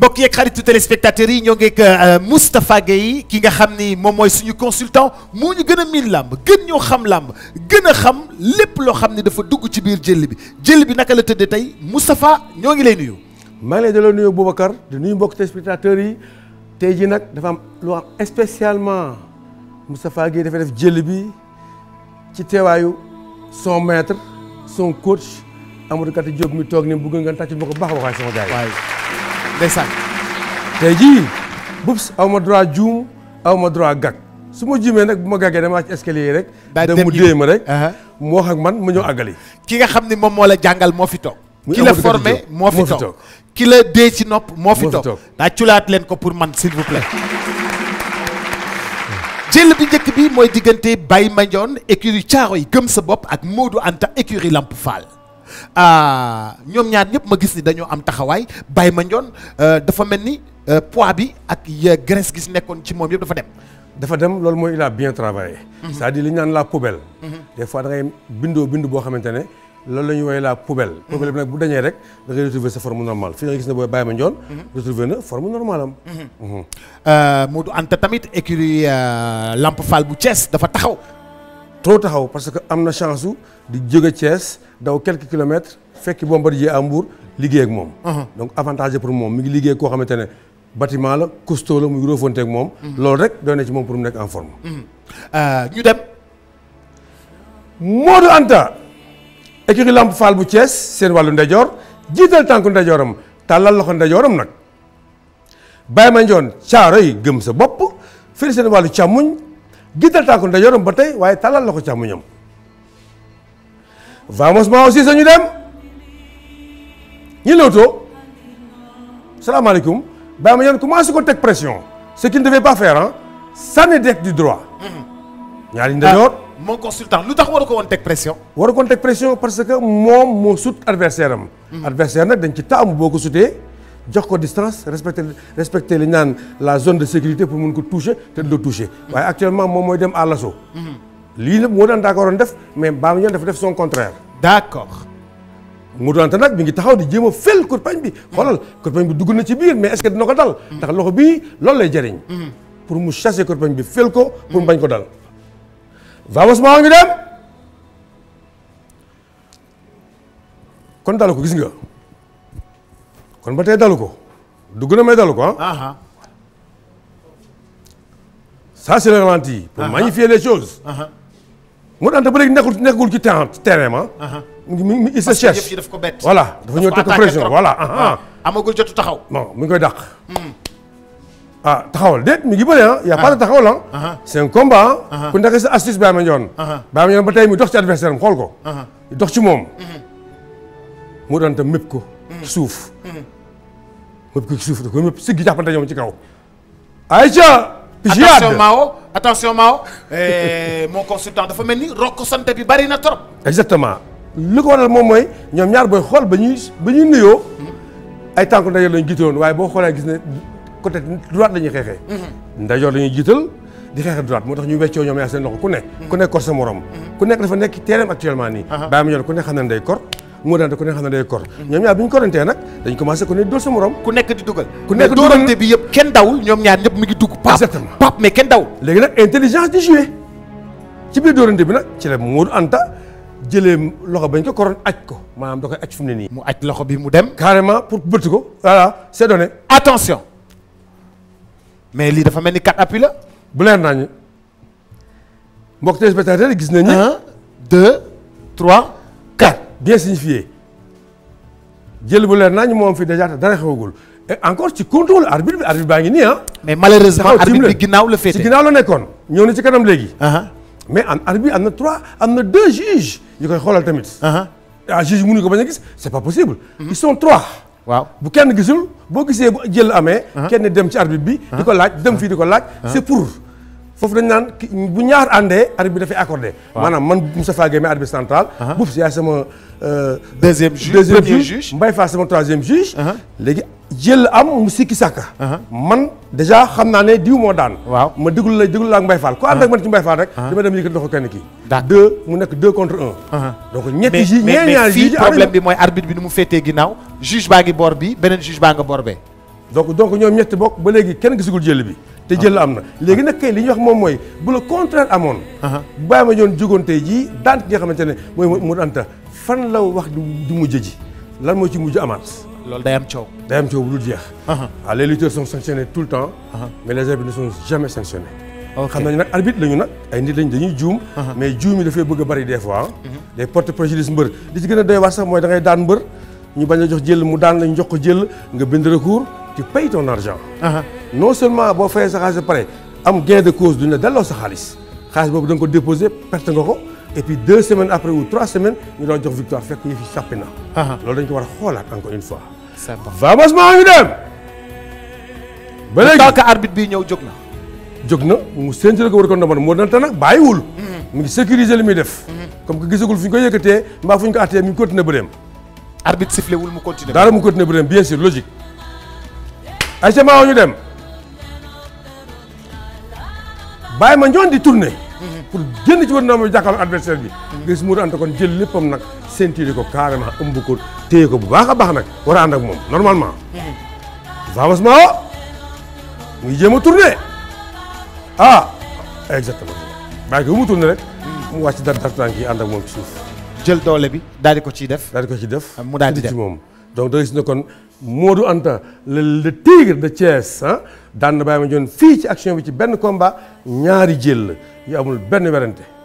mbokk yeeg xaritu téléspectateurs yi ñoo ngeeg euh, Moustapha yi ki nga xam ni moom mooy suñu consultant moo ñu gën a miin làmb gën ñoo xam làmb gën a xam lépp loo xam ni dafa dugg ci biir jël bi jël bi naka la tëddee tey Moustapha ñoo ngi lay nuyu. maa ngi lay delloo nuyu Boubacar di nuyu mbokk téléspectateurs yi tey ji nag dafa am lu am spécialement Moustapha Gueye dafa def jël bi ci teewaayu son maître son coach Amadou Kati Diop mi toog ni bëgg nga tàcc ma ko baax ndeysaan tey jii bubs aw ma droit juum aw ma droit gag su ma juumee nag bu ma gaggee damaa ci escalier yi rek. da mu dee ma rek. mu wax ak man ma ñëw àggali. ki nga xam ni moom moo la jàngal moo fi toog. ki la moo fi toog ki la dee ci nopp moo fi toog daa culaat leen ko pour man s'il vous plaît. jël bi njëkk bi mooy diggante Baye Mandione écurie yi Gëm sa bopp ak Modou Anta écurie Lamp Fall. Ah, ñoom ñaar ñëpp ma gis ni dañoo am taxawaay ma Mandione euh, dafa mel ni euh, poids bi ak graisse gi nekkoon ci moom yëpp dafa dem. dafa dem loolu mooy il a bien travaillé. Mhm. sa à dire li ñu naan la poubelle. Mhm. des fois da ngay bindoo bind boo xamante ne loolu la ñuy woowee la poubelle. Mhm. poubelle bi nag bu dañee rek da ngay retrouver sa forme normale fii nga gis ne booy Baye Mandione. retrouver na forme normale am. Euh, Modou Anta tamit écurie Lamp Fall bu cees dafa taxaw. trop taxaw parce que am na chance su di jóge Thiès daw quelques kilomètres fekki Bombardier à Mbour liggéey ak moom. Uh-huh. donc avantage pour moom mi ngi liggéey koo xamante ne bâtiment la costaud la muy rofonte moom. Uh-huh. loolu rek doy na ci moom pour mu nekk en forme. Uh-huh. Euh, ñu dem. Modou Anta. écurie Lamp Fall bu Thiès seen wàllu ndeyjoor jiital tànku ndeyjooram tàllal loxo ndeyjooram nag Baye Mandione caaro yi gëm sa bopp firi seen wàllu càmmuñ. jiital tànku ndeyjooram ba tey waaye talal la ko càmmoñam vamos ma aussi sañu dem ñi lewtoo salaamaaleykum Baye Mandione commencé ko teg pression ce qu'il ne devait pas faire ah sànni dek du droit ñaari ah, ndeyjoor mon consultant lu tax waru ko woon teg pression waru ko woon teg pression parce que moom moo sut adversaire a hmm. adversaire nag dañ ci taamu boo ko sutee jox ko distance respecte respecté li naan la zone de sécurité pour mun ko toucher te du la toucher waaye actuellement moom mooy dem à l'assaut mhm. lii nag moo daan daa ko def mais Bamba Dieng dafa def son contraire d'accord mu doonte nag mi ngi taxaw di jéem a fel kurpañ bi mhm. xoolal kurpañ bi dugg na ci biir mais est-ce que ko dal mhm. ndax loxo bii loolu lay jëriñ pour mu chasser kurpañ bi fel ko pour mu bañ ko dal vamos maa ngi dem kon dala ko gis nga kon ba tey dalu ko dugg na may dalu ko ah. ça c'est le ralenti. pour magnifier les choses. moo tax ba léegi nekkul nekkul ci terrain ma. mu ngi il se cherche parce que yëf yi daf ko bett. voilà dafa ñëw teg ko pression voilà. Ah. amagul jotu taxaw. bon mu ngi koy dàq. Hmm. ah taxawal déet mi ngi bëri ah. y' a pas de ah. taxawal ah. c' est un combat ah. ku nekk sa astuce Baye ba tey mu dox ci adversaire am xool ko. dox ci moom. Mhm. mu doon tam mépp ko. suuf. mëb hmm. ko ci suuf da ko mëb siggi jàppante ñoom ci kaw. Aïcha. attention Mao attention Mao. Eh, mon consultant dafa mel ni ko sante bi bari na torop exactement li ko waral moom mooy ñoom ñaar booy xool ba ñuy ba ñuy nuyoo. Hmm. ay tànku ndajoor lañu jiitaloon waaye boo xoolee gis ne côté droite la ñuy xeexee. Hmm. ndajoor la ñuy jiital di xeex droite moo tax ñu weccoo ñoom yaa seen loxo ku nekk ku ne kor sa morom. ku nekk dafa nekk terrain actuellement nii. Uh-huh. bàyyi ma ñor ku ne xam na ne day kor. moo daan ku ne xam ne day kor ñoom ñaar bi ñu korantee nag dañ commencé ku ne dóor sa morom ku nekk di dugal ku nekk dóorante bi yëpp kenn dawul ñoom ñaar ñëpp mi ngi dugg pap exactement pap mais kenn dawul léegi nag intelligence di joué ci biir dóorante bi nag ci la Modou Anta jëlee loxo bañ ko koroon aj ko maanaam da koy aj fu mu ne nii mu aj loxo bi mu dem carrément pour bëtt ko voilà c'est donné attention mais lii dafa mel ni quatre appuis la bu leer naa ñu mbokk téléspectateurs gis nañu un deux trois quatre désignifié jël bu leer nañ moom fi déjà te dara xewagul et encore ci contrôle arbitre bi arbitre baa ngi nii ah. mais malheureusement arbitre bi ginnaaw la féete la nekkoon ñëw na ci kanam léegi. Uh-huh. mais en arbitre am na trois am na deux juges yu koy xoolal tamit. Uh-huh. ah juge mënuñu ko bañ a gis c'est pas possible. Uh-huh. ils sont trois. waaw bu kenn gisul boo gisee bu jël amee. kenn dem ci arbitre bi. di ko laaj dem fii di ko laaj. c'est pour. foofu dañ naan bu ñaar àndee arbitre bi dafay accordé maanaam man Moustapha Guèye may arbitre central uh-huh. Bouf yaay sama euh, deuxième juge deuxième juge Mbaye Fall sama troisième juge uh-huh. léegi jël am mu sikki sàkka uh-huh. man déjà xam naa ne diw moo daan waaw ma déglu la déglu la ak Mbaye Fall ku ànd ak man ci Mbaye Fall rek dama dem yëkkati loxo kenn kii deux mu nekk deux contre un donc ñetti juge ñeent ñaar juge bi mooy arbitre bi nu mu féetee ginnaaw juge baa ngi boor bi beneen juge baa nga boor bee donc donc ñoom ñetti bokk ba léegi kenn gisagul jël bi te jël am na léegi nag kay li ñuy wax moom mooy bu la contraire amoon bàyyi ma ñoon jógoon tey jii daan ki nga xamante ne mooy mu anta fan la wax di mujj ji lan moo ci mujj amaat loolu day am coow day am coow bu dul jeex waaw ah, les lutteurs sont sanctionnés le temps mais les arbitres ne sont jamais sanctionnés xam nañu nag arbitre lañu nag ay nit lañ dañuy juum mais juum yi dafay bëgg a bari des fois mhm. ah. day porter préjudice mbër li ci gën a doy waar sax mooy da ngay daan mbër ñu bañ a jox jël mu daan lañ jox ko jël nga bind recours tu payes ton argent. non seulement boo fayee sa xaalis ba pare am delloo sa xaalis xaalis boobu da nga ko déposé perte nga ko et puis deux semaines après ou trois semaines ñu doon jox victoire fekk yëf yi sàppi na. loolu dañ ko war a xoolaat encore une fois. c'est bon vamoosement ñu dem. ba léegi tant que arbitre bi ñëw jóg mhm. mu ngi sécuriser li muy def. Mhm. comme que gisagul fu ñu ko yëkkatee mbaa fu ñu ko attee mu ngi continuer bëreem. arbitre sifflé mu continuer. daal mu continuer bien sûr logique. ay semence ñu dem bàyyi ma ñoon di tourner. pour jënd ci wër na mi jàkkaarloo adversaire bi. gis mu ante kon jël léppam nag ceinture ko carrément ëmb ko téye ko bu baax a baax nag war a ànd ak moom normalement. avancement o muy jéem a tourner ah exactement bàyyi ko bu mu tourner rek. mu wàcc dar dar tànk yi ànd ak moom ci suuf. jël doole bi daal ko ciy def. daal di ko ciy def mu daal di dem moom. donc da ngay gis ne kon Modou Anta la le tigre de Thiès ah daan na bàyyi ma joon fii ci action bi ci benn combat ñaari jël yu amul benn werante